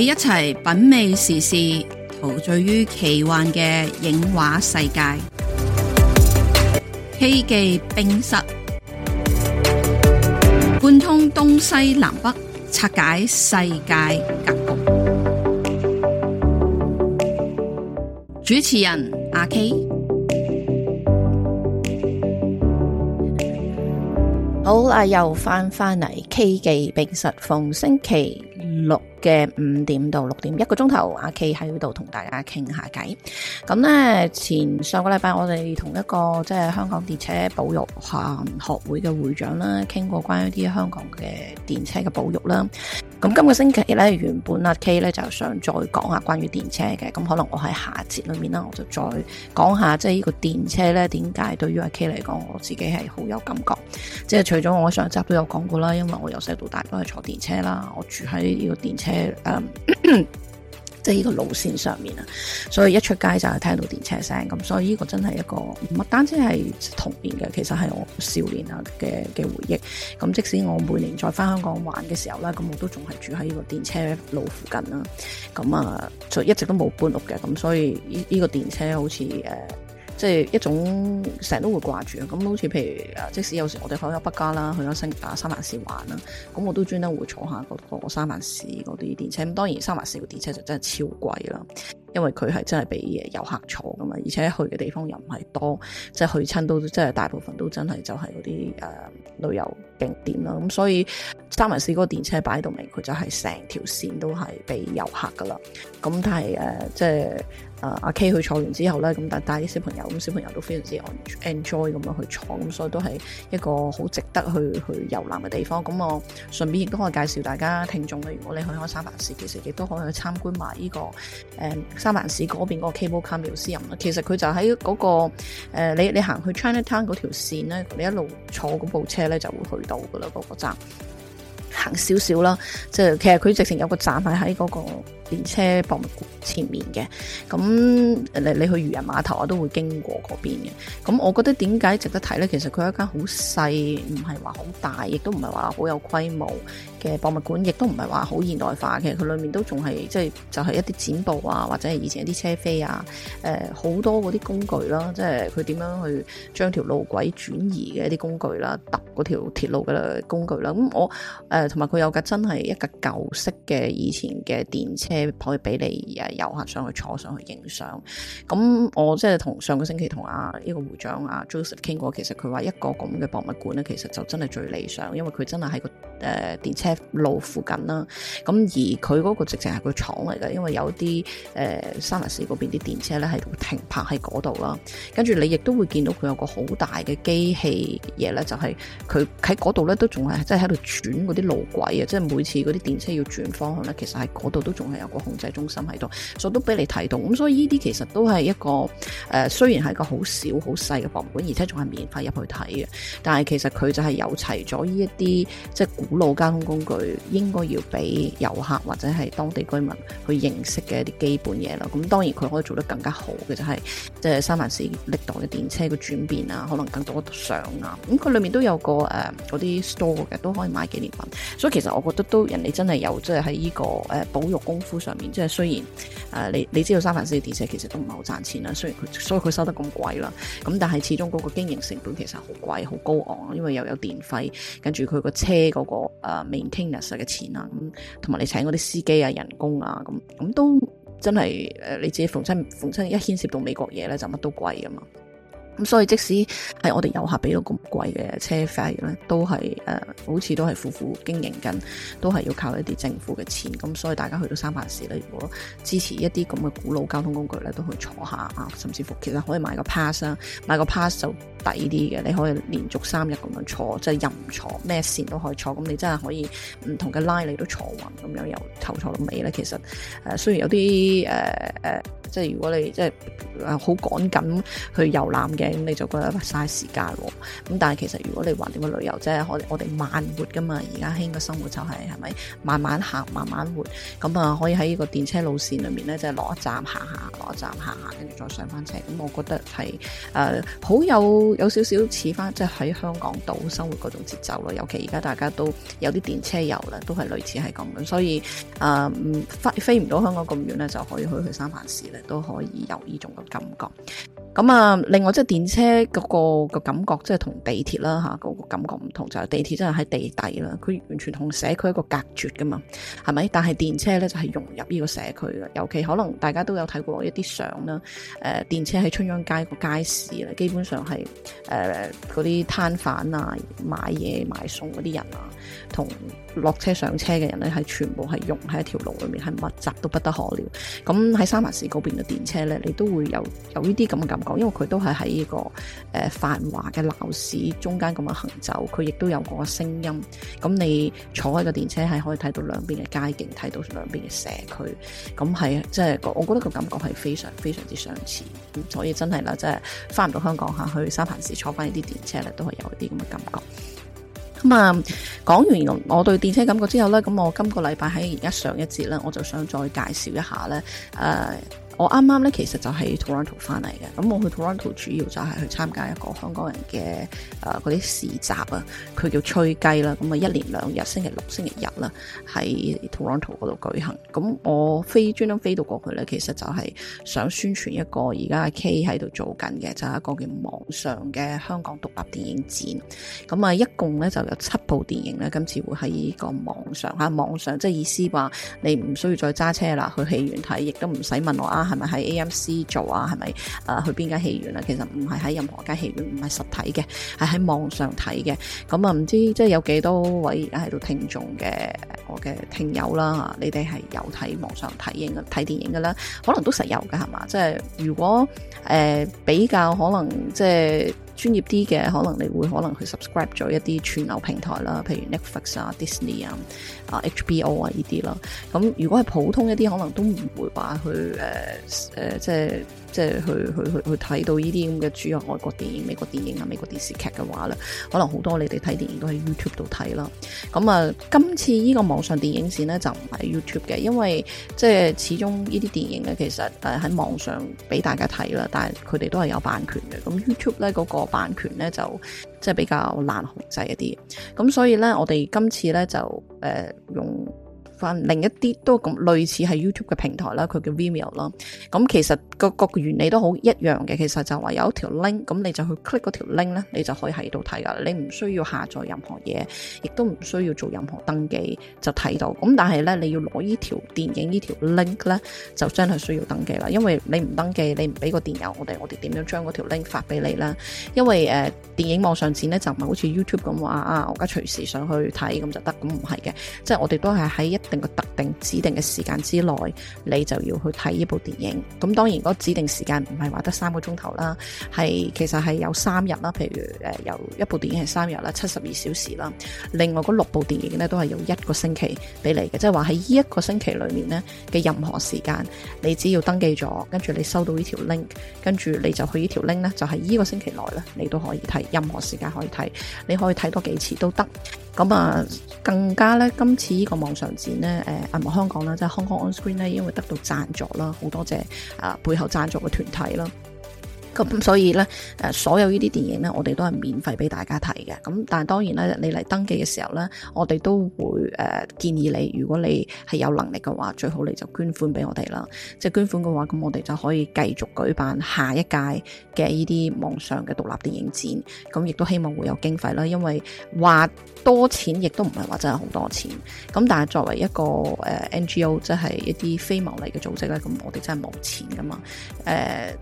你一齊品味時事，陶醉於奇幻嘅影畫世界。K 記冰室，貫通東西南北，拆解世界格局。主持人阿 K，好啦，又返返嚟 K 記冰室，ist, 逢星期六嘅五點到六點一個鐘頭，阿 K 喺度同大家傾下偈。咁呢，前上個禮拜，我哋同一個即係香港電車保育學會嘅會長啦，傾過關於啲香港嘅電車嘅保育啦。咁今個星期呢，原本阿 K 呢就想再講下關於電車嘅。咁可能我喺下節裏面啦，我就再講下即係呢個電車呢點解對於阿 K 嚟講，我自己係好有感覺。即係除咗我上集都有講過啦，因為我由細到大都係坐電車啦，我住喺呢個電車。誒、呃，即係呢個路線上面啊，所以一出街就係聽到電車聲咁，所以呢個真係一個，唔單止係童年嘅，其實係我少年啊嘅嘅回憶。咁即使我每年再翻香港玩嘅時候咧，咁我都仲係住喺呢個電車路附近啦。咁啊，就一直都冇搬屋嘅，咁所以呢呢個電車好似誒。呃即係一種成日都會掛住咁，好似譬如即使有時我哋去咗北加啦，去咗新打三藩市玩啦，咁我都專登會坐下個個三藩市嗰啲電車。咁當然三藩市個電車就真係超貴啦，因為佢係真係俾嘢遊客坐噶嘛，而且去嘅地方又唔係多，即係去親都真係大部分都真係就係嗰啲誒旅遊景點啦。咁所以三藩市嗰個電車擺到明，明，佢就係成條線都係俾遊客噶啦。咁但係誒、呃，即係。啊！阿、uh, K 去坐完之後咧，咁但帶啲小朋友，咁小朋友都非常之 enjoy 咁樣去坐，咁所以都係一個好值得去去遊覽嘅地方。咁我順便亦都可以介紹大家聽眾咧，如果你去開三藩市，其實亦都可以去參觀埋、這、呢個誒、嗯、三藩市嗰邊嗰個 Cable Car Museum，其實佢就喺嗰、那個、呃、你你行去 Chinatown 嗰條線咧，你一路坐嗰部車咧就會去到噶啦嗰個站。行少少啦，即係其實佢直情有個站位喺嗰個電車博物館前面嘅，咁你你去漁人碼頭我都會經過嗰邊嘅，咁我覺得點解值得睇呢？其實佢有一間好細，唔係話好大，亦都唔係話好有規模。嘅博物館亦都唔係話好現代化嘅，佢裏面都仲係即係就係一啲展布啊，或者係以前一啲車飛啊，誒、呃、好多嗰啲工具啦，即係佢點樣去將條路軌轉移嘅一啲工具啦，揼條鐵路嘅工具啦。咁、嗯、我誒同埋佢有架真係一架舊式嘅以前嘅電車，可以俾你誒遊客上去坐上去影相。咁、嗯、我即係同上個星期同阿呢個會長阿、啊、Joseph 傾過，其實佢話一個咁嘅博物館咧，其實就真係最理想，因為佢真係喺個誒、呃、電車。路附近啦，咁而佢嗰個直情係個廠嚟嘅，因為有啲誒三藩市嗰邊啲電車咧係停泊喺嗰度啦，跟住你亦都會見到佢有個好大嘅機器嘢咧，就係佢喺嗰度咧都仲係即係喺度轉嗰啲路軌啊，即係每次嗰啲電車要轉方向咧，其實喺嗰度都仲係有個控制中心喺度，所以都俾你睇到，咁所以呢啲其實都係一個誒、呃、雖然係一個好小好細嘅博物館，而且仲係免費入去睇嘅，但係其實佢就係有齊咗呢一啲即係古老交通工，工佢應該要俾遊客或者係當地居民去認識嘅一啲基本嘢啦，咁當然佢可以做得更加好嘅就係即係三藩市歷代嘅電車嘅轉變啊，可能更多嘅相啊，咁、嗯、佢裏面都有個誒嗰啲 store 嘅，都可以買紀念品，所以其實我覺得都人哋真係有即係喺呢個誒、呃、保育功夫上面，即係雖然誒、呃、你你知道三藩市嘅電車其實都唔係好賺錢啦，雖然佢所以佢收得咁貴啦，咁、嗯、但係始終嗰個經營成本其實好貴好高昂，因為又有電費，跟住佢，個車嗰個誒聽日嘅錢啊，咁同埋你請嗰啲司機啊、人工啊，咁咁都真係誒，你自己逢親逢親一牽涉到美國嘢咧，就乜都貴㗎嘛。咁所以即使係我哋遊客俾到咁貴嘅車費咧，都係誒、呃，好似都係苦苦經營緊，都係要靠一啲政府嘅錢。咁所以大家去到三藩市咧，如果支持一啲咁嘅古老交通工具咧，都去坐下啊，甚至乎其實可以買個 pass 啊，買個 pass 就。抵啲嘅，你可以連續三日咁樣坐，即係任坐咩線都可以坐。咁你真係可以唔同嘅拉你都坐勻，咁樣由頭坐到尾咧。其實誒呃雖然有啲誒誒，即係如果你即係誒好趕緊去遊覽嘅，咁你就覺得嘥時間喎。咁但係其實如果你話點樣旅遊啫，即係我我哋慢活㗎嘛，而家興嘅生活就係係咪慢慢行、慢慢活咁啊？可以喺呢個電車路線裏面咧，即係落一站行下下，落一站行下下，跟住再上返車。咁我覺得係誒好有。有少少似翻，即係喺香港度生活嗰種節奏咯。尤其而家大家都有啲電車遊啦，都係類似係咁樣。所以，誒、嗯，唔飛飛唔到香港咁遠咧，就可以去去三藩市咧，都可以有呢種嘅感覺。咁啊，另外即係電車嗰個個感覺，即係同地鐵啦嚇，個感覺唔同，就係、是、地鐵真係喺地底啦，佢完全同社區一個隔絕噶嘛，係咪？但係電車咧就係融入呢個社區噶，尤其可能大家都有睇過一啲相啦，誒、呃、電車喺春秧街個街市咧，基本上係誒嗰啲攤販啊，買嘢買餸嗰啲人啊，同。落車上車嘅人咧，係全部係用喺一條路裏面，係密集到不得可了。咁喺三藩市嗰邊嘅電車咧，你都會有有呢啲咁嘅感覺，因為佢都係喺一個誒、呃、繁華嘅鬧市中間咁樣行走，佢亦都有個聲音。咁你坐喺個電車係可以睇到兩邊嘅街景，睇到兩邊嘅社區，咁係即係我覺得個感覺係非常非常之相似。所以真係啦，真係翻唔到香港嚇，去三藩市坐翻呢啲電車咧，都係有一啲咁嘅感覺。咁啊，講、嗯、完我對電車感覺之後呢，咁我今個禮拜喺而家上一節呢，我就想再介紹一下呢。誒、呃。我啱啱咧，其實就喺 Toronto 翻嚟嘅。咁我去 Toronto 主要就係去參加一個香港人嘅誒嗰啲市集啊，佢叫吹雞啦。咁啊，一連兩日，星期六、星期日啦，喺 Toronto 嗰度舉行。咁我飛專登飛到過去咧，其實就係想宣傳一個而家 K 喺度做緊嘅，就係、是、一個叫網上嘅香港獨立電影展。咁啊，一共咧就有七部電影咧，今次會喺個網上嚇、啊，網上即係意思話你唔需要再揸車啦，去戲院睇亦都唔使問我啊。係咪喺 AMC 做啊？係咪誒去邊間戲院啊？其實唔係喺任何間戲院，唔係實體嘅，係喺網上睇嘅。咁、嗯、啊，唔知即係有幾多位而家喺度聽眾嘅我嘅聽友啦？吓，你哋係有睇網上睇影睇電影嘅啦？可能都實有嘅係嘛？即係如果誒、呃、比較可能即係。專業啲嘅，可能你會可能去 subscribe 咗一啲串流平台啦，譬如 Netflix 啊、Disney 啊、啊 HBO 啊呢啲啦。咁如果係普通一啲，可能都唔會話去誒誒、呃呃、即係。即係去去去去睇到呢啲咁嘅主要外國電影、美國電影啊、美國電視劇嘅話咧，可能好多你哋睇電影都喺 YouTube 度睇啦。咁啊，今次呢個網上電影線咧就唔係 YouTube 嘅，因為即係始終呢啲電影咧，其實誒喺網上俾大家睇啦，但係佢哋都係有版權嘅。咁 YouTube 咧嗰個版權咧就即係比較難控制一啲。咁所以咧，我哋今次咧就誒、呃、用。另一啲都咁類似係 YouTube 嘅平台啦，佢叫 Vimeo 啦。咁其實個個原理都好一樣嘅，其實就話有一條 link，咁你就去 click 嗰條 link 咧，你就可以喺度睇㗎。你唔需要下載任何嘢，亦都唔需要做任何登記就睇到。咁但係咧，你要攞呢條電影呢條 link 咧，就真係需要登記啦。因為你唔登記，你唔俾個電郵我哋，我哋點樣將嗰條 link 發俾你啦？因為誒、呃、電影網上展咧就唔係好似 YouTube 咁話啊，我而家隨時上去睇咁就得，咁唔係嘅。即係我哋都係喺一定個特定指定嘅時間之內，你就要去睇呢部電影。咁當然嗰、嗰、指定時間唔係話得三個鐘頭啦，係其實係有三日啦。譬如誒、呃，有一部電影係三日啦，七十二小時啦。另外嗰六部電影呢都係有一個星期俾你嘅，即係話喺呢一個星期裏面呢嘅任何時間，你只要登記咗，跟住你收到呢條 link，跟住你就去呢條 link 咧，就係、係、呢個星期內咧，你都可以睇，任何時間可以睇，你可以睇多幾次都得。咁啊，更加呢，今次呢個網上展。咧誒，唔係、嗯啊、香港啦，即、就、係、是、Hong Kong On Screen 咧，因為得到贊助啦，好多謝啊背後贊助嘅團體啦。咁、嗯、所以咧，誒、呃、所有呢啲電影咧，我哋都係免費俾大家睇嘅。咁但係當然咧，你嚟登記嘅時候咧，我哋都會誒、呃、建議你，如果你係有能力嘅話，最好你就捐款俾我哋啦。即係捐款嘅話，咁我哋就可以繼續舉辦下一屆嘅呢啲網上嘅獨立電影展。咁亦都希望會有經費啦，因為話多錢亦都唔係話真係好多錢。咁但係作為一個誒、呃、NGO，即係一啲非牟利嘅組織咧，咁我哋真係冇錢㗎嘛，誒、呃。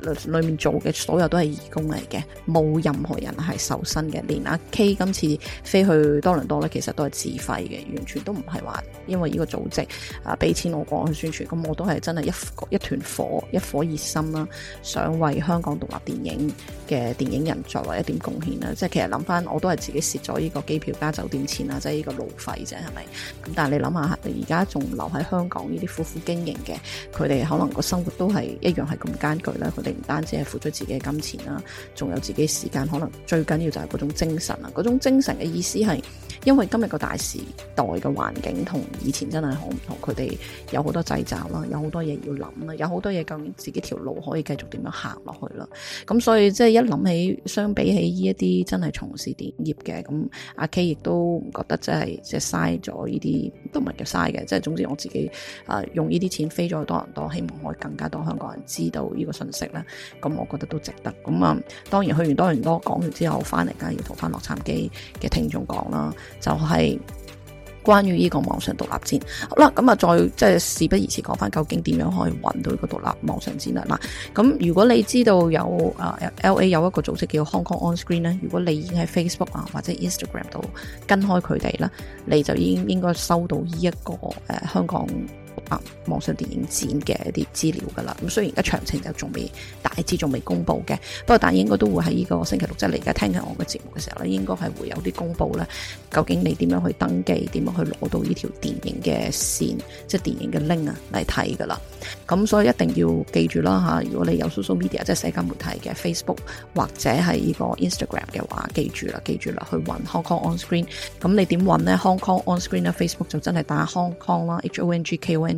裏面做嘅所有都係義工嚟嘅，冇任何人係受薪嘅。連阿 K 今次飛去多倫多呢，其實都係自費嘅，完全都唔係話因為呢個組織啊俾錢我過去宣傳。咁我都係真係一一團火，一火熱心啦，想為香港獨立電影嘅電影人作為一點貢獻啦。即係其實諗翻，我都係自己蝕咗呢個機票加酒店錢啦，即係呢個路費啫，係咪？咁但係你諗下，而家仲留喺香港呢啲苦苦經營嘅，佢哋可能個生活都係一樣係咁艱巨啦，佢哋。唔單止係付出自己嘅金錢啦，仲有自己時間，可能最緊要就係嗰種精神啦。嗰種精神嘅意思係，因為今日個大時代嘅環境同以前真係好唔同，佢哋有好多掣肘啦，有好多嘢要諗啦，有好多嘢究竟自己條路可以繼續點樣行落去啦。咁所以即係一諗起，相比起呢一啲真係從事電業嘅，咁阿 K 亦都唔覺得即係即嘥咗呢啲都唔係叫嘥嘅。即係總之我自己啊、呃，用呢啲錢飛咗去多倫多，希望可以更加多香港人知道呢個信息咁、嗯、我覺得都值得。咁、嗯、啊，當然去完多倫多講完之後翻嚟，梗係要同翻洛杉磯嘅聽眾講啦。就係、是、關於呢個網上獨立展。好啦，咁、嗯、啊，再即係事不宜遲，講翻究竟點樣可以搵到一個獨立網上展啦。咁、嗯嗯、如果你知道有誒、呃、L A 有一個組織叫 Hong Kong On Screen 咧，如果你已經喺 Facebook 啊、呃、或者 Instagram 度跟開佢哋啦，你就已經應應該收到呢、這、一個誒、呃、香港。啊！網上電影展嘅一啲資料㗎啦，咁雖然而家詳情就仲未大致，仲未公佈嘅，不過但係應該都會喺呢個星期六，即係你而家聽緊我嘅節目嘅時候咧，應該係會有啲公佈咧。究竟你點樣去登記，點樣去攞到呢條電影嘅線，即係電影嘅 link 啊嚟睇㗎啦。咁所以一定要記住啦嚇，如果你有 social media 即係社交媒體嘅 Facebook 或者係呢個 Instagram 嘅話，記住啦，記住啦，去揾 Hong Kong On Screen。咁你點揾咧？Hong Kong On Screen 咧，Facebook 就真係打 Hong Kong 啦，H O N G K W。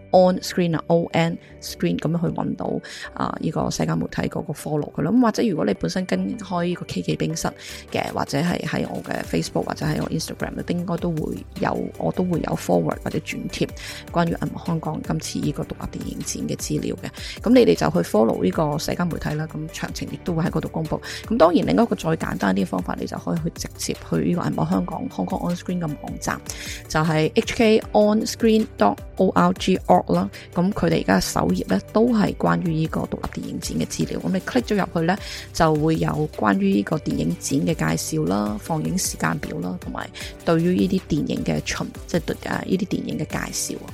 on screen 啊，on screen 咁樣去揾到啊呢、呃這個社交媒體嗰個 follow 佢咯。或者如果你本身跟開呢個 K K 冰室嘅，或者係喺我嘅 Facebook 或者喺我 Instagram，都應該都會有，我都會有 forward 或者轉貼關於銀幕香港今次呢個獨立電影展嘅資料嘅。咁你哋就去 follow 呢個社交媒體啦。咁詳情亦都會喺嗰度公布。咁當然另一個再簡單啲嘅方法，你就可以去直接去呢個銀幕香港 Hong Kong on screen 嘅網站，就係、是、hk on screen dot org。啦，咁佢哋而家首頁咧都係關於呢個獨立電影展嘅資料，咁你 click 咗入去咧就會有關於呢個電影展嘅介紹啦，放映時間表啦，同埋對於呢啲電影嘅巡，即係誒呢啲電影嘅介紹。啊。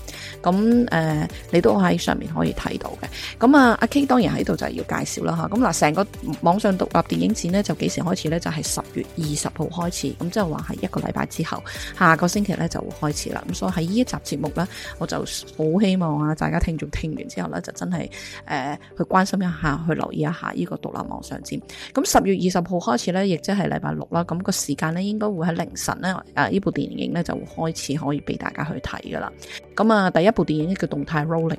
咁、呃、誒，你都喺上面可以睇到嘅。咁啊，阿 K 當然喺度就係要介紹啦吓。咁嗱，成個網上獨立電影展咧就幾時開始咧？就係、係、十月二十號開始，咁即係話係一個禮拜之後，下個星期咧就會開始啦。咁所以喺呢一集節目咧，我就好希希望啊，大家聽眾聽完之後咧，就真係誒、呃、去關心一下，去留意一下呢個獨立網上展。咁十月二十號開始咧，亦即係禮拜六啦。咁、那個時間咧，應該會喺凌晨咧，誒、啊、呢部電影咧就會開始可以俾大家去睇噶啦。咁啊，第一部電影叫動態 Rolling，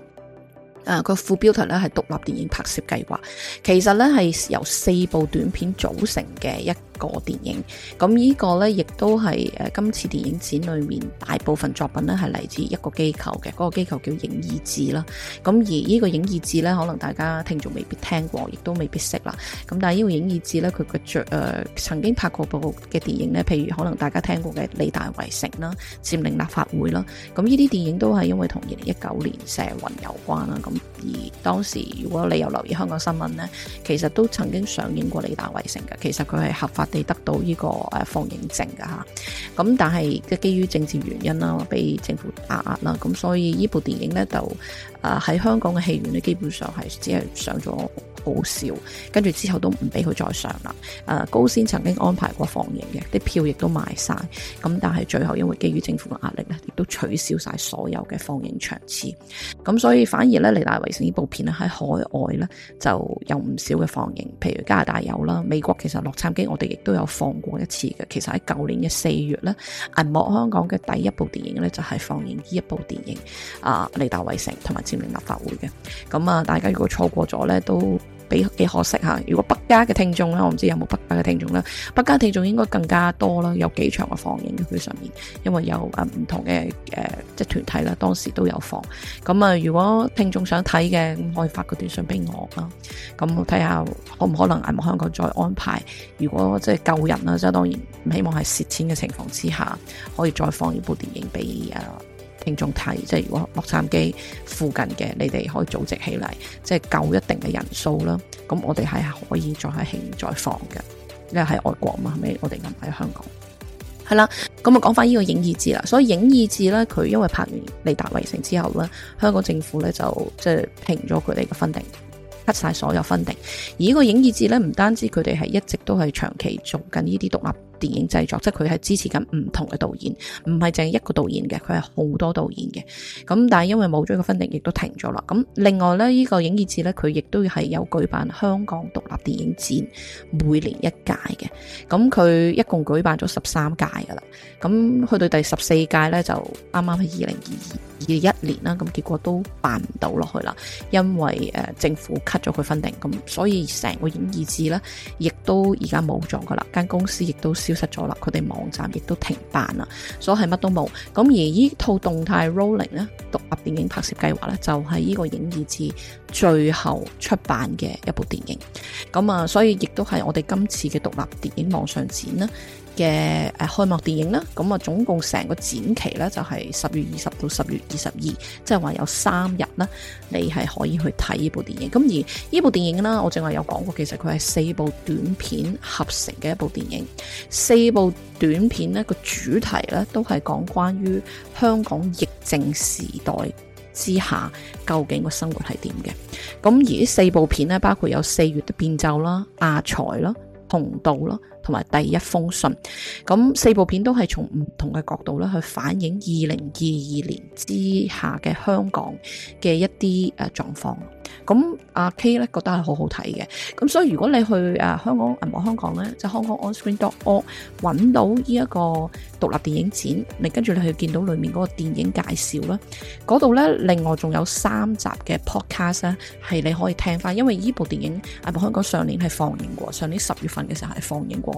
啊個副標題咧係獨立電影拍攝計劃。其實咧係由四部短片組成嘅一。個電影咁呢、這個呢，亦都係誒、呃、今次電影展裏面大部分作品呢，係嚟自一個機構嘅，嗰個,個機構叫影意志啦。咁、啊、而呢個影意志呢，可能大家聽眾未必聽過，亦都未必識啦。咁、啊、但係呢個影意志呢，佢嘅着誒、呃、曾經拍過部嘅電影呢，譬如可能大家聽過嘅《李大為城》啦，《佔領立法會》啦、啊。咁呢啲電影都係因為同二零一九年社運有關啦。咁、啊、而當時如果你有留意香港新聞呢，其實都曾經上映過《李大為城》嘅。其實佢係合法。你得到呢個誒放映證噶吓，咁但係嘅基於政治原因啦，俾政府壓壓啦，咁所以呢部電影咧就誒喺、呃、香港嘅戲院咧基本上係只係上咗。好笑，跟住之後都唔俾佢再上啦。誒、啊，高先曾經安排過放映嘅，啲票亦都賣晒。咁但係最後因為基於政府嘅壓力咧，亦都取消晒所有嘅放映場次。咁所以反而咧，理大圍城呢部片咧喺海外咧就有唔少嘅放映，譬如加拿大有啦，美國其實洛杉磯我哋亦都有放過一次嘅。其實喺舊年嘅四月咧，銀幕香港嘅第一部電影咧就係、是、放映呢一部電影啊，《理大圍城》同埋佔領立法會嘅。咁啊，大家如果錯過咗咧都～比幾可惜吓，如果北加嘅聽眾咧，我唔知有冇北加嘅聽眾咧，北加聽眾應該更加多啦，有幾場嘅放映喺佢上面，因為有啊、唔同嘅誒、呃、即係團體啦，當時都有放，咁啊如果聽眾想睇嘅，可以發個短信俾我啦，咁我睇下可唔可能喺香港再安排，如果即係救人啊，即係當然唔希望係蝕錢嘅情況之下，可以再放呢部電影俾啊。聽眾睇，即係如果洛杉磯附近嘅，你哋可以組織起嚟，即係夠一定嘅人數啦。咁我哋係可以再喺慶再放嘅。因為喺外國嘛？係咪我哋唔喺香港？係啦，咁啊講翻呢個影意志啦。所以影意志咧，佢因為拍完《理大圍城》之後咧，香港政府咧就即係停咗佢哋嘅分定，cut 晒所有分定。而呢個影意志咧，唔單止佢哋係一直都係長期做緊呢啲獨立。電影製作，即係佢係支持緊唔同嘅導演，唔係淨係一個導演嘅，佢係好多導演嘅。咁但係因為冇咗個分定，亦都停咗啦。咁另外呢，呢、呢個影意志呢，佢亦都係有舉辦香港獨立電影展，每年一屆嘅。咁佢一共舉辦咗十三屆噶啦。咁去到第十四屆呢，就啱啱係二零二二二一年啦。咁結果都辦唔到落去啦，因為誒政府 cut 咗佢分定，咁所以成個影意志呢，亦都而家冇咗噶啦。間公司亦都。消失咗啦，佢哋網站亦都停辦啦，所以係乜都冇。咁而依套動態 Rolling 呢獨立電影拍攝計劃呢，就係、是、呢個影意志最後出版嘅一部電影。咁啊，所以亦都係我哋今次嘅獨立電影網上展啦，嘅誒開幕電影啦，咁啊總共成個展期咧就係十月二十到十月二十二，即係話有三日啦，你係可以去睇呢部電影。咁而呢部電影啦，我正話有講過，其實佢係四部短片合成嘅一部電影。四部短片呢個主題呢，都係講關於香港疫症時代之下究竟個生活係點嘅。咁而呢四部片呢，包括有四月的變奏啦、阿財啦、紅道啦。同埋第一封信，咁四部片都係從唔同嘅角度咧去反映二零二二年之下嘅香港嘅一啲誒狀況。咁阿 K 咧覺得係好好睇嘅。咁所以如果你去誒香港，唔、啊、係香港咧，就香港 onscreen dot org 搵到依一個獨立電影展，你跟住你去見到裏面嗰個電影介紹啦，度咧，另外仲有三集嘅 podcast 咧，係你可以聽翻。因為依部電影，銀幕香港上年係放映過，上年十月份嘅時候係放映過。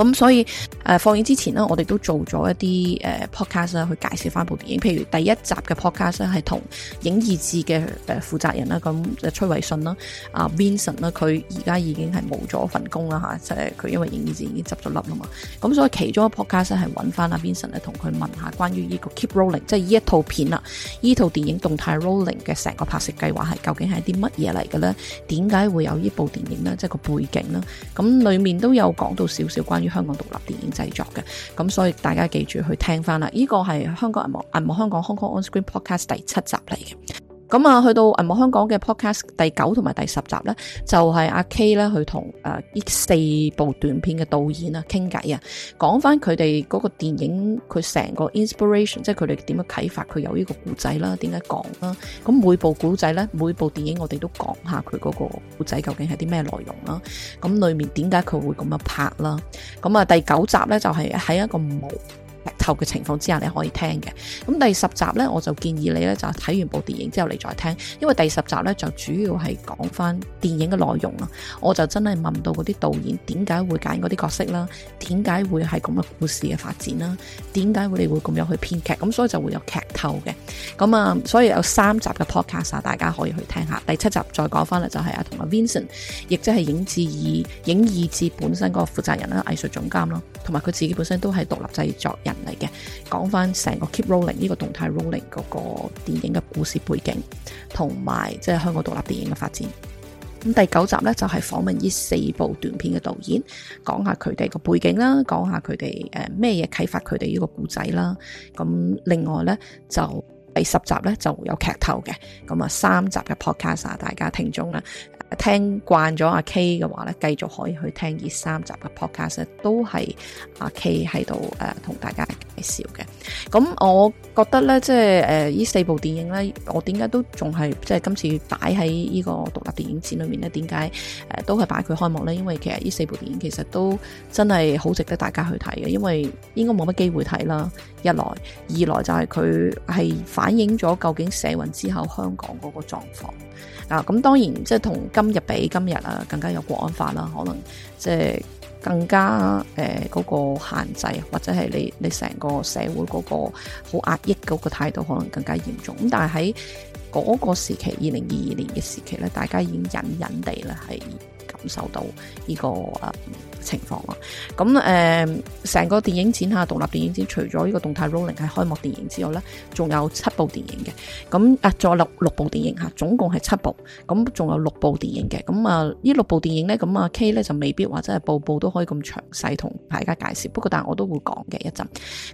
咁、嗯、所以，誒、呃、放映之前咧，我哋都做咗一啲誒、呃、podcast 啊，去介紹翻部電影。譬如第一集嘅 podcast 咧，係同影二誌嘅誒負責人啦，咁、嗯、誒崔偉信啦，阿 Vinson 啦，佢而家已經係冇咗份工啦吓，嚇、啊，即係佢因為影二誌已經執咗笠啊嘛。咁、嗯、所以其中、啊、一個 podcast 係揾翻阿 Vinson 咧，同佢問下關於呢個 Keep Rolling，即係呢一套片啊呢套電影動態 Rolling 嘅成個拍攝計劃係究竟係啲乜嘢嚟嘅咧？點解會有呢部電影咧？即係個背景啦。咁、嗯、裏面都有講到少少關於。香港獨立電影製作嘅，咁所以大家記住去聽返啦！呢個係香港銀幕銀幕香港 Hong Kong On Screen Podcast 第七集嚟嘅。咁啊，去到《銀幕香港》嘅 podcast 第九同埋第十集呢，就係、是、阿 K 咧去同誒呢四部短片嘅導演啊傾偈啊，講翻佢哋嗰個電影佢成個 inspiration，即係佢哋點樣啟發佢有呢個故仔啦，點解講啦？咁每部故仔呢，每部電影我哋都講下佢嗰個故仔究竟係啲咩內容啦。咁裡面點解佢會咁樣拍啦？咁啊，第九集呢，就係喺一個模劇透嘅情況之下，你可以聽嘅。咁第十集呢，我就建議你呢，就睇完部電影之後，你再聽，因為第十集呢，就主要係講翻電影嘅內容啦。我就真係問到嗰啲導演點解會揀嗰啲角色啦，點解會係咁嘅故事嘅發展啦，點解會你會咁樣去編劇，咁、嗯、所以就會有劇透嘅。咁、嗯、啊，所以有三集嘅 podcast 大家可以去聽下。第七集再講翻呢，就係阿同阿 Vincent，亦即係影志以影意志本身嗰個負責人啦，藝術總監咯，同埋佢自己本身都係獨立製作人。嚟嘅，講翻成個 Keep Rolling 呢個動態 Rolling 嗰、這個電影嘅故事背景，同埋即係香港獨立電影嘅發展。咁第九集呢，就係、是、訪問呢四部短片嘅導演，講下佢哋個背景啦，講下佢哋誒咩嘢啟發佢哋呢個故仔啦。咁另外呢，就第十集呢，就有劇透嘅，咁啊三集嘅 podcast 大家聽眾啦。聽慣咗阿 K 嘅話咧，繼續可以去聽二三集嘅 podcast，都係阿 K 喺度誒同大家介紹嘅。咁，嗯，我覺得呢，即係誒呢四部電影呢，我點解都仲係即係今次擺喺呢個獨立電影展裏面呢，點解誒都係擺佢開幕呢？因為其實呢四部電影其實都真係好值得大家去睇嘅，因為應該冇乜機會睇啦。一來，二來就係佢係反映咗究竟社運之後香港嗰個狀況。嗱，咁、啊、當然即係同今日比今日啊，更加有國安法啦，可能即係更加誒嗰、呃那個限制，或者係你你成個社會嗰個好壓抑嗰個態度，可能更加嚴重。咁但係喺嗰個時期，二零二二年嘅時期咧，大家已經隱隱地咧係感受到呢、這個，呃情況啦，咁、嗯、誒，成個電影展吓，獨立電影展除咗呢個動態 rolling 係開幕電影之外呢，仲有七部電影嘅，咁啊，仲有、嗯、有六部電影吓，總共係七部，咁仲有六部電影嘅，咁、嗯、啊，呢六部電影呢，咁啊 K 呢，就未必話真係部部都可以咁詳細同大家介紹，不過但係我都會講嘅一陣，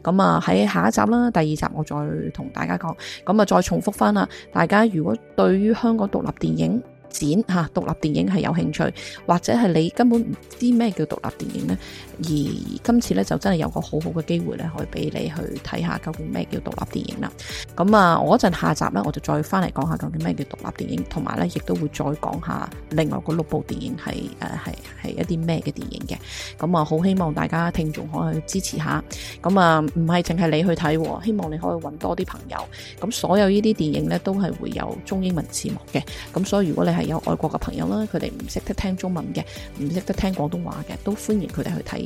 咁啊喺下一集啦，第二集我再同大家講，咁、嗯、啊再重複翻啦，大家如果對於香港獨立電影。剪嚇、啊，獨立電影係有興趣，或者係你根本唔知咩叫獨立電影呢？而今次咧就真係有個好好嘅機會咧，可以俾你去睇下究竟咩叫獨立電影啦。咁啊，我一陣下集咧，我就再翻嚟講下究竟咩叫獨立電影，同埋咧亦都會再講下另外嗰六部電影係誒係係一啲咩嘅電影嘅。咁啊，好希望大家聽眾可以去支持下。咁啊，唔係淨係你去睇，希望你可以揾多啲朋友。咁所有呢啲電影咧都係會有中英文字幕嘅。咁所以如果你係有外國嘅朋友啦，佢哋唔識得聽中文嘅，唔識得聽廣東話嘅，都歡迎佢哋去睇。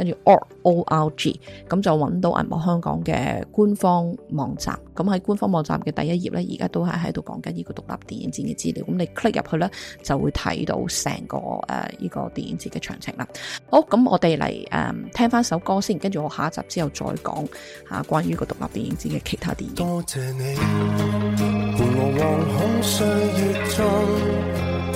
跟住 org，咁就揾到銀幕香港嘅官方網站。咁喺官方網站嘅第一頁呢，而家都係喺度講緊呢個獨立電影展嘅資料。咁你 click 入去呢，就會睇到成個誒依、呃這個電影節嘅詳情啦。好，咁我哋嚟誒聽翻首歌先，跟住我下一集之後再講吓、啊、關於個獨立電影展嘅其他電影。多謝你，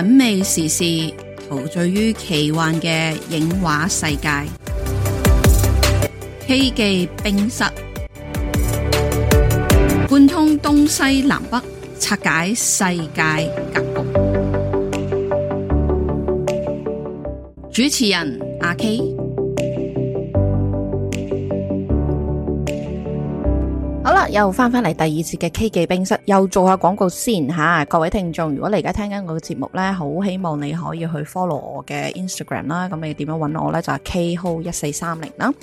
品味時事，陶醉於奇幻嘅影畫世界。K 記冰室，貫 通東西南北，拆解世界格局。 主持人阿 K。又翻翻嚟第二次嘅 K 記冰室，又做下廣告先吓，各位聽眾。如果你而家聽緊我嘅節目呢，好希望你可以去 follow 我嘅 Instagram 啦。咁你點樣揾我呢？就係、是、KHo 一四三零啦。誒、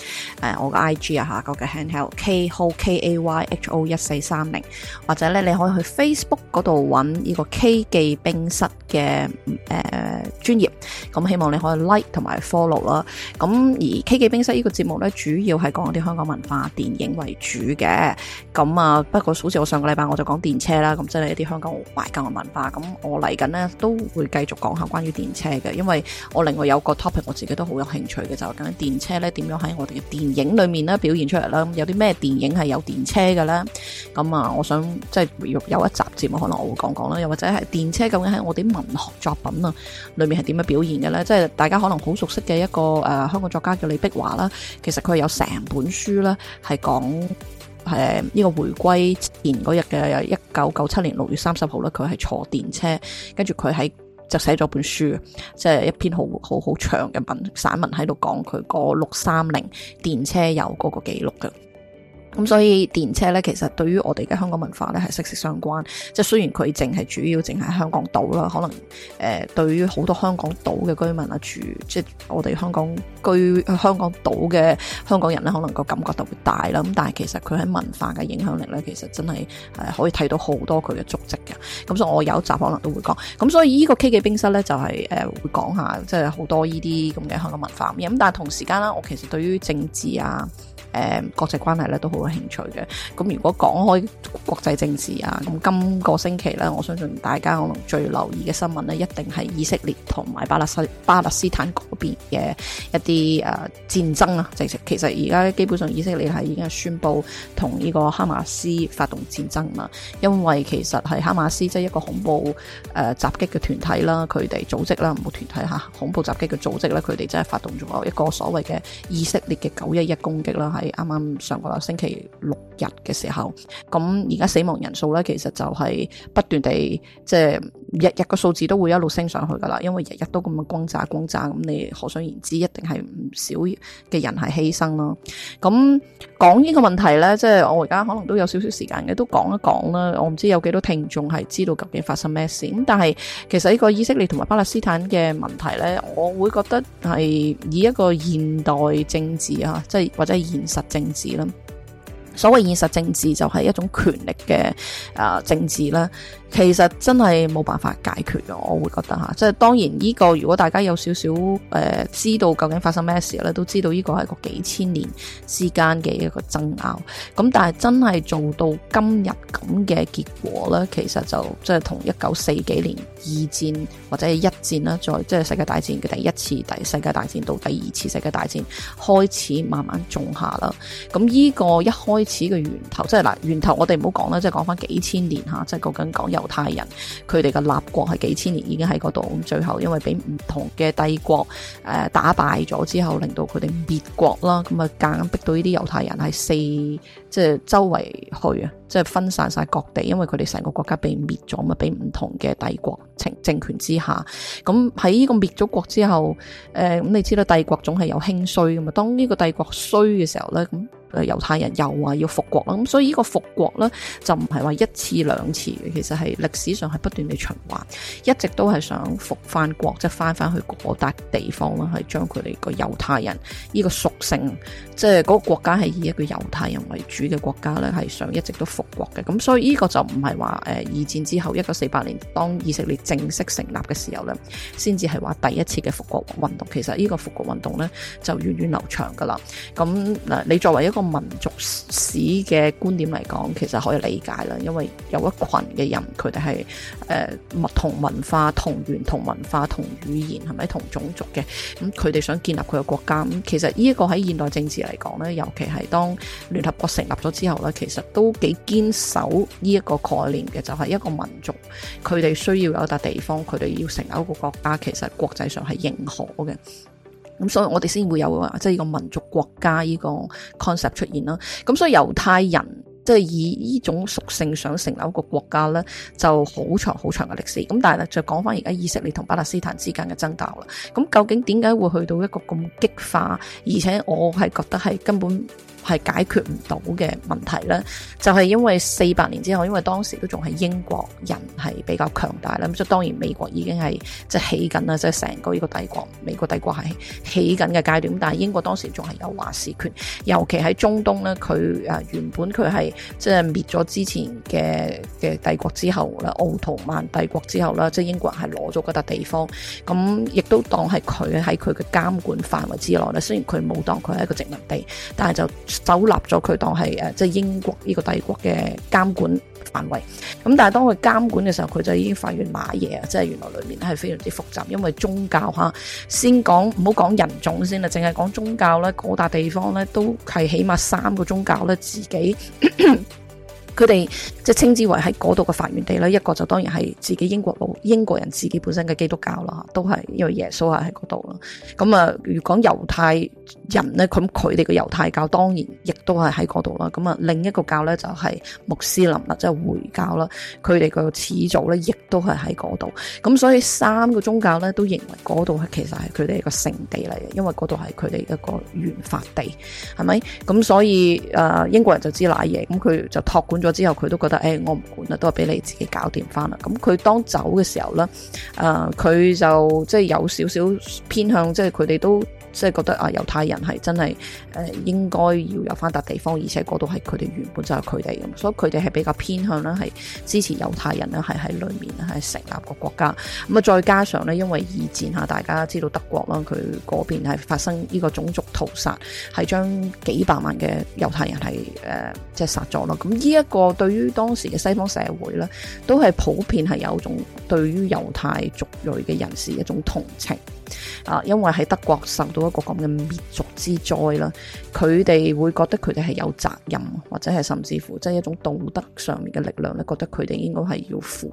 呃，我嘅 IG 啊吓，個嘅 handheld KHo K A Y H O 一四三零，或者呢你可以去 Facebook 嗰度揾呢個 K 記冰室嘅誒、呃、專頁。咁希望你可以 like 同埋 follow 啦。咁而 K 記冰室呢個節目呢，主要係講啲香港文化、電影為主嘅。咁啊，不過好似我上個禮拜我就講電車啦，咁即係一啲香港懷舊嘅文化。咁我嚟緊咧都會繼續講下關於電車嘅，因為我另外有個 topic 我自己都好有興趣嘅，就係究竟電車咧點樣喺我哋嘅電影裏面咧表現出嚟啦。有啲咩電影係有電車嘅呢？咁啊，我想即係有一集節目，可能我會講講啦。又或者係電車究竟喺我哋文學作品啊裏面係點樣表現嘅呢？即係大家可能好熟悉嘅一個誒、呃、香港作家叫李碧華啦。其實佢有成本書啦係講。誒，呢、嗯這個回歸前嗰日嘅一九九七年六月三十號咧，佢係坐電車，跟住佢喺就寫咗本書，即、就、係、是、一篇好好好長嘅文散文喺度講佢嗰六三零電車有嗰個記錄嘅。咁、嗯、所以電車咧，其實對於我哋嘅香港文化咧係息息相關。即係雖然佢淨係主要淨係香港島啦，可能誒、呃、對於好多香港島嘅居民啊住，即係我哋香港居香港島嘅香港人咧，可能個感覺特別大啦。咁、嗯、但係其實佢喺文化嘅影響力咧，其實真係誒、呃、可以睇到好多佢嘅足跡嘅。咁、嗯、所以我有一集可能都會講。咁、嗯、所以呢個 K 記冰室咧，就係、是、誒、呃、會講下，即係好多呢啲咁嘅香港文化咁、嗯。但係同時間啦，我其實對於政治啊。誒、嗯、國際關係咧都好有興趣嘅，咁、嗯、如果講開國際政治啊，咁、嗯、今個星期咧，我相信大家可能最留意嘅新聞咧，一定係以色列同埋巴勒斯巴勒斯坦嗰邊嘅一啲誒、呃、戰爭啊。其實其實而家基本上以色列係已經係宣佈同呢個哈馬斯發動戰爭啦，因為其實係哈馬斯即係、就是、一個恐怖誒、呃、襲擊嘅團體啦，佢哋組織啦唔好團體嚇、啊，恐怖襲擊嘅組織咧，佢哋真係發動咗一個所謂嘅以色列嘅九一一攻擊啦，啱啱上個星期六日嘅時候，咁而家死亡人數咧，其實就係不斷地即係。日日個數字都會一路升上去噶啦，因為日日都咁樣轟炸轟炸，咁你可想而知，一定係唔少嘅人係犧牲咯。咁講呢個問題呢，即係我而家可能都有少少時間嘅，都講一講啦。我唔知有幾多聽眾係知道究竟發生咩事咁，但係其實呢個以色列同埋巴勒斯坦嘅問題呢，我會覺得係以一個現代政治呀，即係或者係現實政治啦。所謂現實政治就係一種權力嘅誒、呃、政治啦。其實真係冇辦法解決嘅，我會覺得吓，即係當然呢個如果大家有少少誒知道究竟發生咩事咧，都知道呢個係個幾千年之間嘅一個爭拗，咁但係真係做到今日咁嘅結果呢，其實就即係同一九四幾年二戰或者係一戰啦，再即係世界大戰嘅第一次第世界大戰到第二次世界大戰開始慢慢種下啦，咁呢個一開始嘅源頭，即係嗱源頭我哋唔好講啦，即係講翻幾千年吓，即係究竟講。猶太人佢哋嘅立國係幾千年已經喺嗰度，咁最後因為俾唔同嘅帝國誒、呃、打敗咗之後，令到佢哋滅國啦，咁啊夾硬逼到呢啲猶太人係四即係周圍去啊，即係分散晒各地，因為佢哋成個國家被滅咗，咁啊俾唔同嘅帝國政政權之下，咁喺呢個滅咗國之後，誒、呃、咁你知道帝國總係有興衰噶嘛，當呢個帝國衰嘅時候咧咁。誒，猶太人又話要復國啦，咁所以呢個復國呢，就唔係話一次兩次嘅，其實係歷史上係不斷地循環，一直都係想復翻國，即係翻翻去嗰笪地方啦，係將佢哋個猶太人呢、呢個屬性，即係嗰個國家係以一個猶太人為主嘅國家呢係想一直都復國嘅。咁所以呢個就唔係話誒二戰之後一九四八年當以色列正式成立嘅時候呢先至係話第一次嘅復國運動。其實呢個復國運動呢，就源遠流長噶啦。咁嗱，你作為一個。民族史嘅觀點嚟講，其實可以理解啦，因為有一群嘅人，佢哋係誒文同文化同源，同文化同語言，係咪同種族嘅？咁佢哋想建立佢嘅國家。咁其實呢一個喺現代政治嚟講咧，尤其係當聯合國成立咗之後咧，其實都幾堅守呢一個概念嘅，就係一個民族，佢哋需要有一笪地方，佢哋要成立一個國家，其實國際上係認可嘅。咁、嗯、所以，我哋先會有即係呢個民族國家呢個 concept 出現啦。咁、嗯、所以猶太人即係、就是、以呢種屬性想成立一個國家呢，就好長好長嘅歷史。咁、嗯、但係咧，就講翻而家以色列同巴勒斯坦之間嘅爭鬥啦。咁、嗯、究竟點解會去到一個咁激化？而且我係覺得係根本。係解決唔到嘅問題咧，就係因為四百年之後，因為當時都仲係英國人係比較強大啦，咁所以當然美國已經係即係起緊啦，即係成個呢個帝國，美國帝國係起緊嘅階段。但係英國當時仲係有話事權，尤其喺中東咧，佢誒原本佢係即係滅咗之前嘅嘅帝國之後啦，奧圖曼帝國之後啦，即係英國人係攞咗嗰笪地方，咁亦都當係佢喺佢嘅監管範圍之內咧。雖然佢冇當佢係一個殖民地，但係就。收納咗佢當係誒，即係英國呢個帝國嘅監管範圍。咁但係當佢監管嘅時候，佢就已經發現買嘢啊！即係原來裏面係非常之複雜，因為宗教吓，先講，唔好講人種先啦，淨係講宗教咧，嗰笪地方咧都係起碼三個宗教咧自己。 佢哋即係稱之為喺嗰度嘅發源地咧，一個就當然係自己英國佬、英國人自己本身嘅基督教啦，都係因為耶穌係喺度啦。咁、嗯、啊，如果講猶太人咧，咁佢哋嘅猶太教當然亦都係喺嗰度啦。咁、嗯、啊，另一個教咧就係、是、穆斯林啦，即係回教啦，佢哋個始祖咧亦都係喺嗰度。咁、嗯、所以三個宗教咧都認為嗰度係其實係佢哋一個聖地嚟嘅，因為嗰度係佢哋一個原發地，係咪？咁、嗯、所以誒、呃、英國人就知瀨嘢，咁佢就託管。咗之後佢都覺得、欸、我唔管啦，都係俾你自己搞掂返啦。咁佢當走嘅時候咧，佢、呃、就即係、就是、有少少偏向，即係佢哋都。即係覺得啊，猶太人係真係誒、呃、應該要有翻笪地方，而且嗰度係佢哋原本就係佢哋咁，所以佢哋係比較偏向咧，係支持猶太人咧，係喺裡面係成立個國家。咁、嗯、啊，再加上咧，因為二戰吓大家知道德國啦，佢嗰邊係發生呢個種族屠殺，係將幾百萬嘅猶太人係誒、呃、即係殺咗咯。咁呢一個對於當時嘅西方社會咧，都係普遍係有一種對於猶太族裔嘅人士嘅一種同情。啊，因為喺德國受到一個咁嘅滅族之災啦，佢哋會覺得佢哋係有責任，或者係甚至乎即係一種道德上面嘅力量咧，覺得佢哋應該係要扶，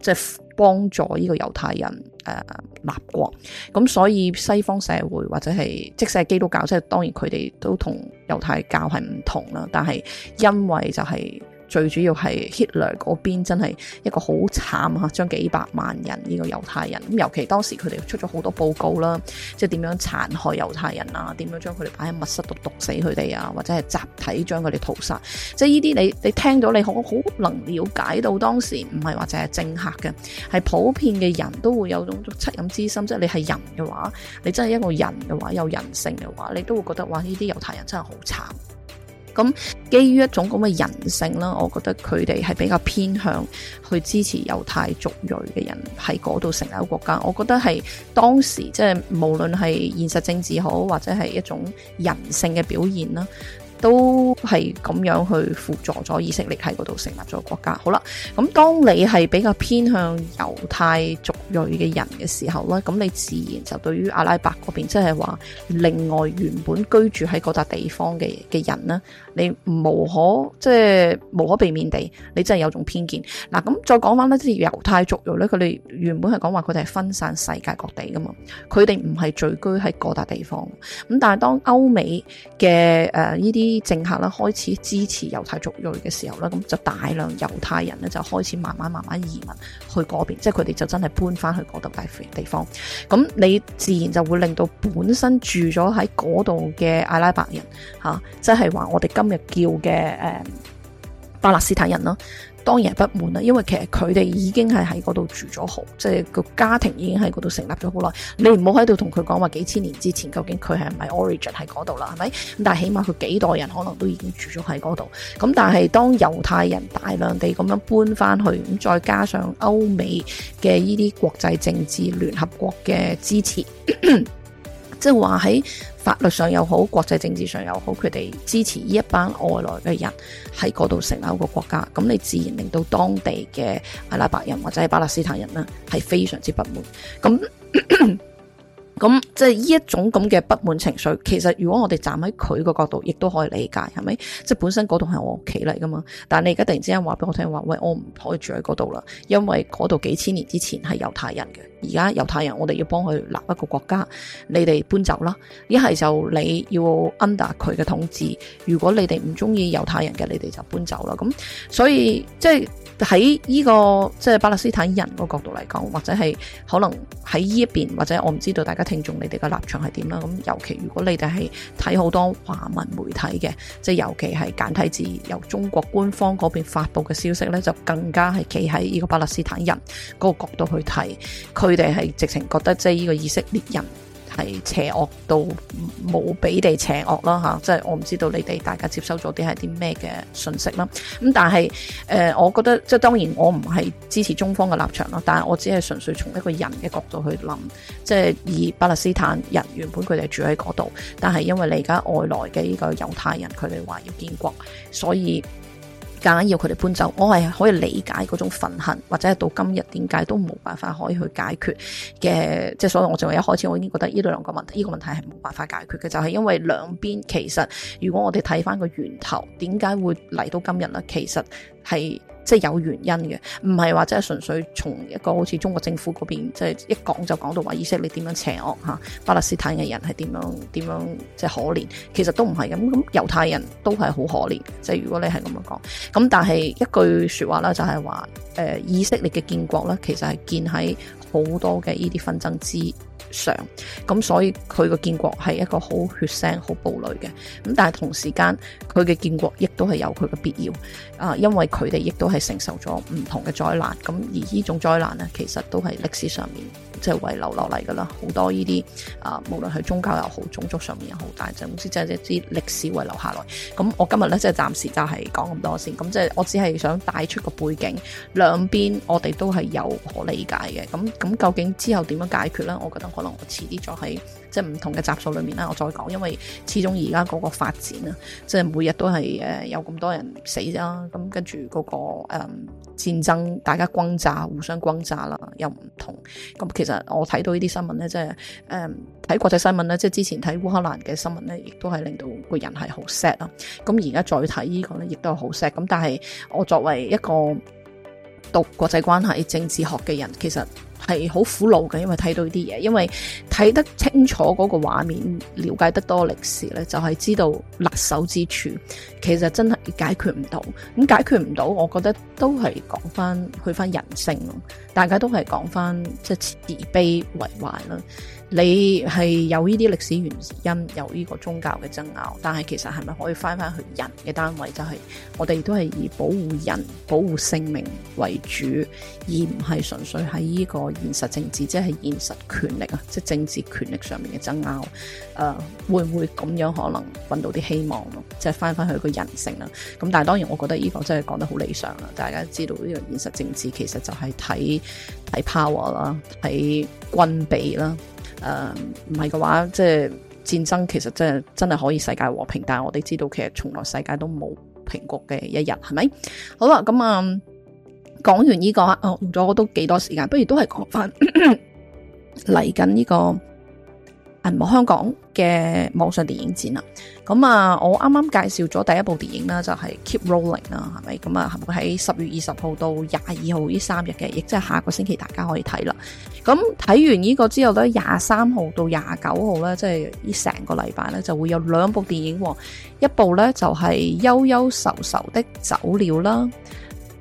即、就、係、是、幫助呢個猶太人誒、呃、立國。咁所以西方社會或者係即使係基督教，即係當然佢哋都同猶太教係唔同啦，但係因為就係、是。最主要係 Hitler 嗰邊真係一個好慘吓，將幾百萬人呢個猶太人，咁尤其當時佢哋出咗好多報告啦，即係點樣殘害猶太人啊，點樣將佢哋擺喺密室度毒死佢哋啊，或者係集體將佢哋屠殺，即係呢啲你你聽咗你好好能了解到當時唔係話淨係政客嘅，係普遍嘅人都會有種惻隱之心，即係你係人嘅話，你真係一個人嘅話有人性嘅話，你都會覺得哇呢啲猶太人真係好慘。咁，基於一種咁嘅人性啦，我覺得佢哋係比較偏向去支持猶太族裔嘅人喺嗰度成立一個國家。我覺得係當時即係無論係現實政治好，或者係一種人性嘅表現啦，都係咁樣去輔助咗以色列喺嗰度成立咗國家。好啦，咁當你係比較偏向猶太族裔嘅人嘅時候咧，咁你自然就對於阿拉伯嗰邊即係話另外原本居住喺嗰笪地方嘅嘅人咧。你無可即係無可避免地，你真係有種偏見。嗱，咁再講翻咧啲猶太族裔咧，佢哋原本係講話，佢哋係分散世界各地噶嘛，佢哋唔係聚居喺個笪地方。咁但係當歐美嘅誒呢啲政客咧開始支持猶太族裔嘅時候咧，咁就大量猶太人咧就開始慢慢慢慢移民去嗰邊，即係佢哋就真係搬翻去嗰笪地方。咁你自然就會令到本身住咗喺嗰度嘅阿拉伯人吓、啊，即係話我哋今今日叫嘅誒、嗯，巴勒斯坦人啦，當然係不滿啦，因為其實佢哋已經係喺嗰度住咗好，即係個家庭已經喺嗰度成立咗好耐。你唔好喺度同佢講話幾千年之前究竟佢係唔係 origin 喺嗰度啦，係咪？咁但係起碼佢幾代人可能都已經住咗喺嗰度。咁但係當猶太人大量地咁樣搬翻去，咁再加上歐美嘅呢啲國際政治聯合國嘅支持， 即係話喺。法律上又好，國際政治上又好，佢哋支持呢一班外來嘅人喺嗰度成立一個國家，咁你自然令到當地嘅阿拉伯人或者係巴勒斯坦人呢係非常之不滿。咁 咁即係呢一種咁嘅不滿情緒，其實如果我哋站喺佢個角度，亦都可以理解，係咪？即係本身嗰度係我屋企嚟㗎嘛，但係你而家突然之間話俾我聽話，喂，我唔可以住喺嗰度啦，因為嗰度幾千年之前係猶太人嘅，而家猶太人我哋要幫佢立一個國家，你哋搬走啦。一係就你要 under 佢嘅統治，如果你哋唔中意猶太人嘅，你哋就搬走啦。咁所以即係。喺呢個即係巴勒斯坦人個角度嚟講，或者係可能喺呢一邊，或者我唔知道大家聽眾你哋嘅立場係點啦。咁尤其如果你哋係睇好多華文媒體嘅，即係尤其係簡體字由中國官方嗰邊發布嘅消息呢就更加係企喺呢個巴勒斯坦人嗰個角度去睇，佢哋係直情覺得即係呢個以色列人。係邪惡到冇俾地邪惡啦，吓，即係我唔知道你哋大家接收咗啲係啲咩嘅信息啦。咁、啊、但係誒、呃，我覺得即係當然我唔係支持中方嘅立場咯，但係我只係純粹從一個人嘅角度去諗，即係以巴勒斯坦人原本佢哋住喺嗰度，但係因為你而家外來嘅呢個猶太人，佢哋話要建國，所以。硬要佢哋搬走，我係可以理解嗰種憤恨，或者係到今日點解都冇辦法可以去解決嘅，即係所以，我仲話一開始我已經覺得呢兩個問題，呢個問題係冇辦法解決嘅，就係因為兩邊其實，如果我哋睇翻個源頭，點解會嚟到今日咧？其實係。即係有原因嘅，唔係話即係純粹從一個好似中國政府嗰邊，即係一講就講到話以色列點樣邪惡嚇，巴勒斯坦嘅人係點樣點樣即係可憐，其實都唔係咁。咁猶太人都係好可憐，即係如果你係咁樣講。咁但係一句説話啦，就係話誒，以色列嘅建國咧，其實係建喺好多嘅呢啲紛爭之上，咁所以佢個建國係一個好血腥、好暴戾嘅，咁，但係同時間佢嘅建國亦都係有佢嘅必要啊，呃，因為佢哋亦都係承受咗唔同嘅災難咁，而呢種災難呢，其實都係歷史上面。即係遺留落嚟噶啦，好多呢啲啊，無論係宗教又好，種族上面又好，但係就總之就係一啲歷史遺留下來。咁我今日咧即係暫時就係講咁多先，咁即係我只係想帶出個背景，兩邊我哋都係有可理解嘅。咁咁究竟之後點樣解決咧？我覺得可能我遲啲再喺。即係唔同嘅集數裏面啦，我再講，因為始終而家嗰個發展啊，即係每日都係誒有咁多人死啦，咁跟住嗰個誒、嗯、戰爭，大家轟炸，互相轟炸啦，又唔同。咁、嗯、其實我睇到呢啲新聞咧，即係誒睇國際新聞咧，即係之前睇烏克蘭嘅新聞咧，亦都係令到人、嗯這個人係好 sad 啦。咁而家再睇呢個咧，亦都係好 sad。咁但係我作為一個讀國際關係政治學嘅人，其實。係好苦惱嘅，因為睇到啲嘢，因為睇得清楚嗰個畫面，了解得多歷史咧，就係知道辣手之處。其實真係解決唔到，咁解決唔到，我覺得都係講翻去翻人性咯。大家都係講翻即係慈悲為懷啦。你係有呢啲歷史原因，有呢個宗教嘅爭拗，但係其實係咪可以翻翻去人嘅單位？就係我哋都係以保護人、保護性命為主，而唔係純粹喺呢個。現實政治即係現實權力啊，即係政治權力上面嘅爭拗，誒、呃，會唔會咁樣可能搵到啲希望咯？即係翻翻去個人性啊。咁但係當然，我覺得呢個真係講得好理想啦。大家知道呢個現實政治其實就係睇睇 power 啦，睇軍備啦。誒、呃，唔係嘅話，即係戰爭其實真係真係可以世界和平，但係我哋知道其實從來世界都冇平局嘅一日，係咪？好啦，咁啊。嗯講完呢、這個啊、喔，我用咗都幾多時間，不如都係講翻嚟緊呢個銀幕、啊、香港嘅網上電影展啦。咁啊，我啱啱介紹咗第一部電影啦，就係、是、Keep Rolling 啦，係咪？咁啊，喺十月二十號到廿二號呢三日嘅，亦即係下個星期大家可以睇啦。咁睇完呢個之後咧，廿三號到廿九號咧，即、就、係、是、呢成個禮拜咧，就會有兩部電影，一部咧就係悠悠愁愁的走了啦。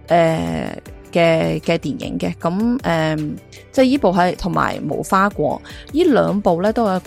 誒嘅嘅電影嘅咁誒，即係、呃、呢部係同埋《無花果》呢兩部咧，都係一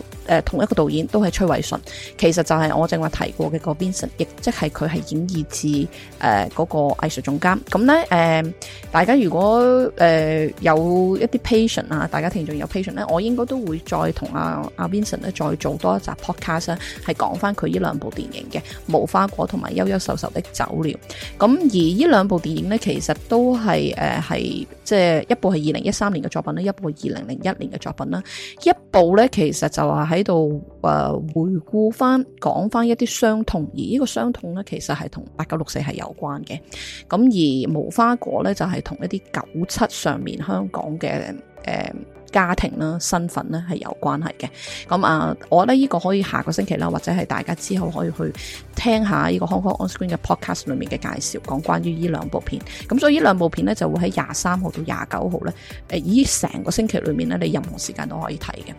個。誒、呃，同一個導演都係崔偉信，其實就係我正話提過嘅 Vincent 亦即係佢係演繹自誒嗰個藝術總監。咁咧，誒、呃，大家如果誒、呃、有一啲 patient 啊，大家聽眾有 patient 咧，我應該都會再同阿阿 Vincent 咧再做多一集 podcast，係講翻佢呢兩部電影嘅《無花果》同埋《憂憂愁愁的走了》。咁而呢兩部電影咧，其實都係誒係即係一部係二零一三年嘅作品咧，一部係二零零一年嘅作品啦。一部咧其實就話係。喺度誒回顧翻講翻一啲傷痛，而個傷痛呢個傷痛咧其實係同八九六四係有關嘅。咁而無花果咧就係、是、同一啲九七上面香港嘅誒、呃、家庭啦、身份咧係有關係嘅。咁、嗯、啊、呃，我呢，呢、這個可以下個星期啦，或者係大家之後可以去聽下呢個 Hong Kong On Screen 嘅 Podcast 裏面嘅介紹，講關於呢兩部片。咁、嗯、所以呢兩部片咧就會喺廿三號到廿九號咧誒，依成個星期裏面咧，你任何時間都可以睇嘅。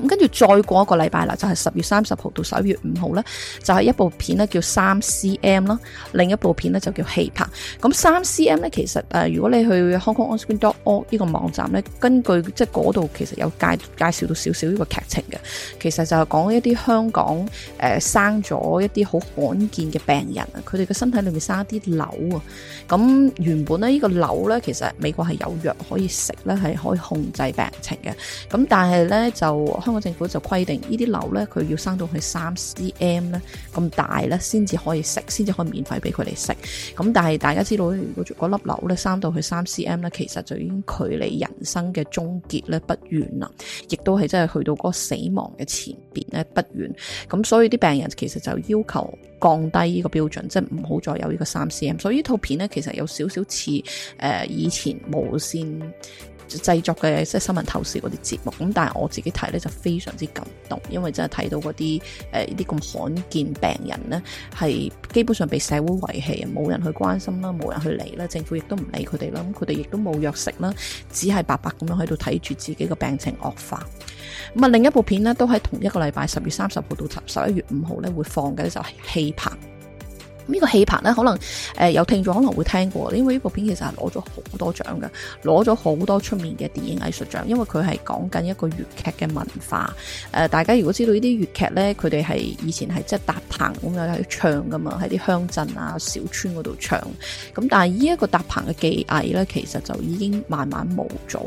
咁跟住再過一個禮拜啦，就係、是、十月三十號到十一月五號咧，就係、是、一部片咧叫《三 C M》啦，另一部片咧就叫《戲拍》。咁《三 C M》咧其實誒、呃，如果你去 Hong Kong Onscreen Dot Org 呢個網站咧，根據即係嗰度其實有介介紹到少少呢個劇情嘅，其實就係講一啲香港誒、呃、生咗一啲好罕見嘅病人啊，佢哋嘅身體裏面生一啲瘤啊。咁原本咧呢、這個瘤咧其實美國係有藥可以食咧，係可以控制病情嘅。咁但係咧就香港政府就規定呢啲瘤咧，佢要生到去三 cm 咧咁大咧，先至可以食，先至可以免費俾佢哋食。咁但係大家知道咧，如果粒瘤咧生到去三 cm 咧，其實就已經距離人生嘅終結咧不遠啦，亦都係真係去到嗰個死亡嘅前邊咧不遠。咁所以啲病人其實就要求降低呢個標準，即係唔好再有呢個三 cm。所以呢套片咧，其實有少少似誒以前無綫。製作嘅即係新聞透視嗰啲節目咁，但係我自己睇呢就非常之感動，因為真係睇到嗰啲誒呢啲咁罕見病人呢係基本上被社會遺棄，冇人去關心啦，冇人去理啦，政府亦都唔理佢哋啦，咁佢哋亦都冇藥食啦，只係白白咁樣喺度睇住自己個病情惡化。咁啊，另一部片呢都喺同一個禮拜，十月三十號到十一月五號呢會放嘅呢就《戲棚。個戲呢，個戲棚呢，可能誒、呃、有聽眾可能會聽過，因為呢部片其實係攞咗好多獎嘅，攞咗好多出面嘅電影藝術獎。因為佢係講緊一個粵劇嘅文化。誒、呃，大家如果知道呢啲粵劇呢，佢哋係以前係即係搭棚咁樣去唱㗎嘛，喺啲鄉鎮啊、小村嗰度唱。咁但係呢一個搭棚嘅技藝呢，其實就已經慢慢冇咗。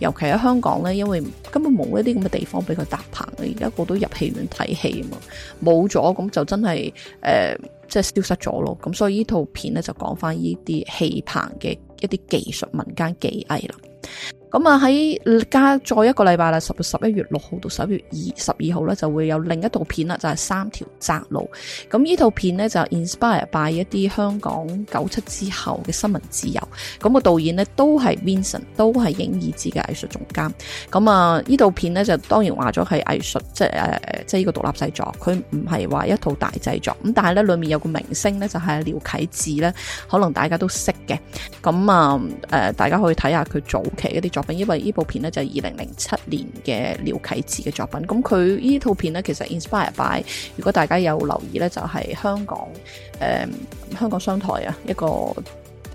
尤其喺香港呢，因為根本冇一啲咁嘅地方俾佢搭棚。而家個都入戲院睇戲啊嘛，冇咗咁就真係誒。呃即係消失咗咯，咁所以呢套片咧，就講翻呢啲戲棚嘅一啲技術，民間技藝啦。咁啊，喺加再一個禮拜啦，十十一月六號到十一月二十二號咧，就會有另一套片啦，就係《三條窄路》。咁呢套片咧就 inspire by 一啲香港九七之後嘅新聞自由。咁個導演咧都係 Vincent，都係影意志嘅藝術總監，咁啊，呢套片咧就當然話咗係藝術，即係誒、呃、即係呢個獨立製作。佢唔係話一套大製作。咁但係咧，裏面有個明星咧，就係廖啟智咧，可能大家都識嘅。咁啊，誒、呃、大家可以睇下佢早期一啲作品。因為呢部片咧就係二零零七年嘅廖啟智嘅作品，咁佢依套片咧其實 inspired by，如果大家有留意咧就係、是、香港誒、嗯、香港商台啊一個誒、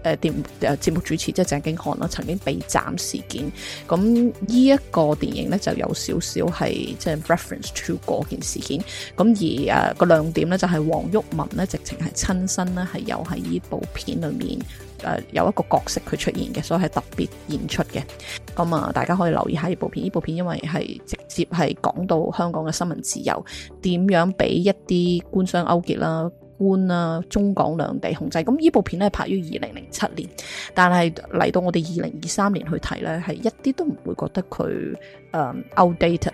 呃、電誒節、呃、目主持即係鄭經翰啦，曾經被斬事件，咁呢一個電影咧就有少少係即係 reference to 嗰件事件，咁而誒個、啊、亮點咧就係黃毓民咧直情係親身咧係有喺依部片裏面。誒、呃，有一個角色佢出現嘅，所以係特別演出嘅。咁啊，大家可以留意下呢部片。呢部片因為係直接係講到香港嘅新聞自由，點樣俾一啲官商勾結啦、啊、官啦、啊、中港兩地控制。咁呢部片咧拍於二零零七年，但係嚟到我哋二零二三年去睇呢，係一啲都唔會覺得佢誒、嗯、outdated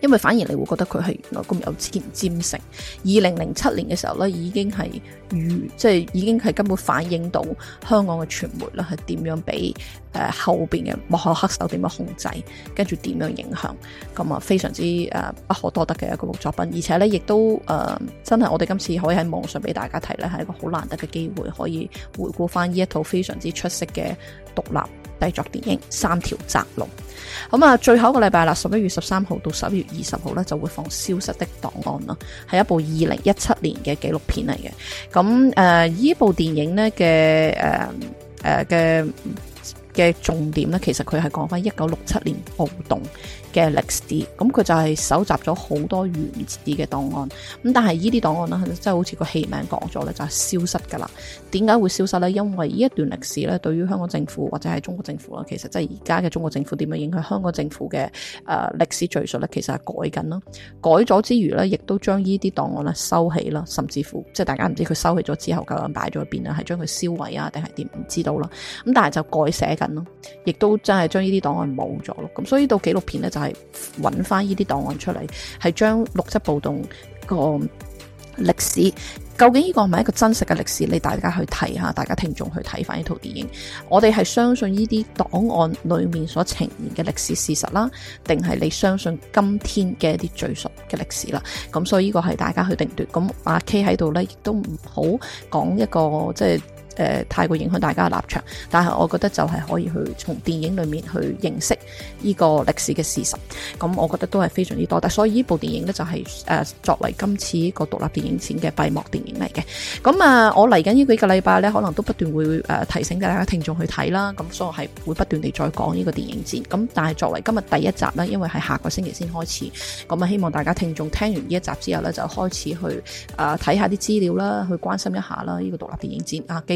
因為反而你會覺得佢係原來咁有前瞻性。二零零七年嘅時候咧，已經係如即係已經係根本反映到香港嘅傳媒啦，係點樣俾誒後邊嘅幕後黑手點樣控制，跟住點樣影響。咁啊，非常之誒不可多得嘅一個作品。而且咧，亦都誒、呃、真係我哋今次可以喺網上俾大家睇咧，係一個好難得嘅機會，可以回顧翻呢一套非常之出色嘅獨立製作電影《三條窄路》。咁啊，最後一個禮拜啦，十一月十三號到十一月二十號咧，就會放《消失的檔案》啦，係一部二零一七年嘅紀錄片嚟嘅。咁誒，呢、呃、部電影咧嘅誒誒嘅嘅重點咧，其實佢係講翻一九六七年暴動。嘅歷史，咁佢就係搜集咗好多原始嘅檔案，咁但係呢啲檔案呢，即係好似個戲名講咗呢，就係消失㗎啦。點解會消失呢？因為呢一段歷史呢，對於香港政府或者係中國政府啦，其實即係而家嘅中國政府點樣影響香港政府嘅誒、呃、歷史敘述呢，其實係改緊咯。改咗之餘呢，亦都將呢啲檔案呢收起啦，甚至乎即係大家唔知佢收起咗之後究竟擺咗邊啊，係將佢燒毀啊，定係點唔知道啦。咁但係就改寫緊咯，亦都真係將呢啲檔案冇咗咯。咁所以到紀錄片呢。就。係揾翻呢啲檔案出嚟，係將六七暴動個歷史，究竟呢個係咪一個真實嘅歷史？你大家去睇下，大家聽眾去睇翻呢套電影，我哋係相信呢啲檔案裏面所呈現嘅歷史事實啦，定係你相信今天嘅一啲敘述嘅歷史啦？咁所以呢個係大家去定奪。咁阿 K 喺度呢亦都唔好講一個即係。誒、呃，太過影響大家嘅立場，但係我覺得就係可以去從電影裏面去認識呢個歷史嘅事實，咁、嗯、我覺得都係非常之多。但係所以呢部電影呢、就是，就係誒作為今次個獨立電影展嘅閉幕電影嚟嘅。咁、嗯、啊，我嚟緊呢幾個禮拜呢，可能都不斷會誒、呃、提醒大家聽眾去睇啦。咁、嗯、所以我係會不斷地再講呢個電影展。咁、嗯、但係作為今日第一集呢，因為係下個星期先開始，咁、嗯、啊希望大家聽眾聽完呢一集之後呢，就開始去啊睇、呃、下啲資料啦，去關心一下啦。呢個獨立電影展啊，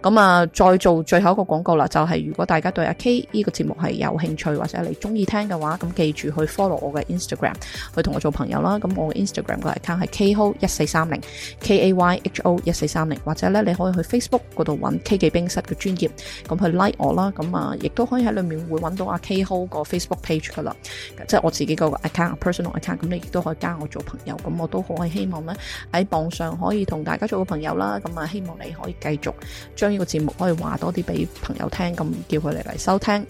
咁啊，再做最後一個廣告啦，就係如果大家對阿 K 呢個節目係有興趣或者你中意聽嘅話，咁記住去 follow 我嘅 Instagram，去同我做朋友啦。咁我嘅 Instagram 個 account 係 KayHo 一四三零 K A Y H O 一四三零，或者咧你可以去 Facebook 嗰度揾 K 記冰室嘅專頁，咁去 like 我啦。咁啊，亦都可以喺裏面會揾到阿 KayHo 個 Facebook page 㗎喇，即係我自己個 account personal account。咁你亦都可以加我做朋友，咁我都好希望咧喺網上可以同大家做個朋友啦。咁啊，希望你可以繼續呢個節目可以話多啲俾朋友聽，咁叫佢哋嚟收聽。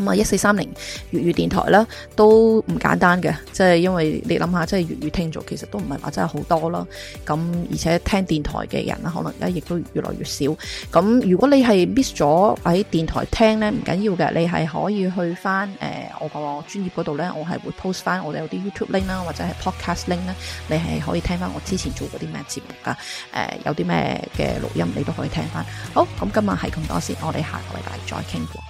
咁啊，一四三零粵語電台啦，都唔簡單嘅。即係因為你諗下，即係粵語聽咗，其實都唔係話真係好多咯。咁、嗯、而且聽電台嘅人啦，可能而家亦都越來越少。咁、嗯、如果你係 miss 咗喺電台聽呢，唔緊要嘅，你係可以去翻誒、呃、我個專業嗰度呢，我係會 post 翻我哋有啲 YouTube link 啦，或者係 podcast link 咧，你係可以聽翻我之前做過啲咩節目噶。誒、呃、有啲咩嘅錄音，你都可以聽翻。好，咁、嗯、今日係咁多先，我哋下個禮拜再傾。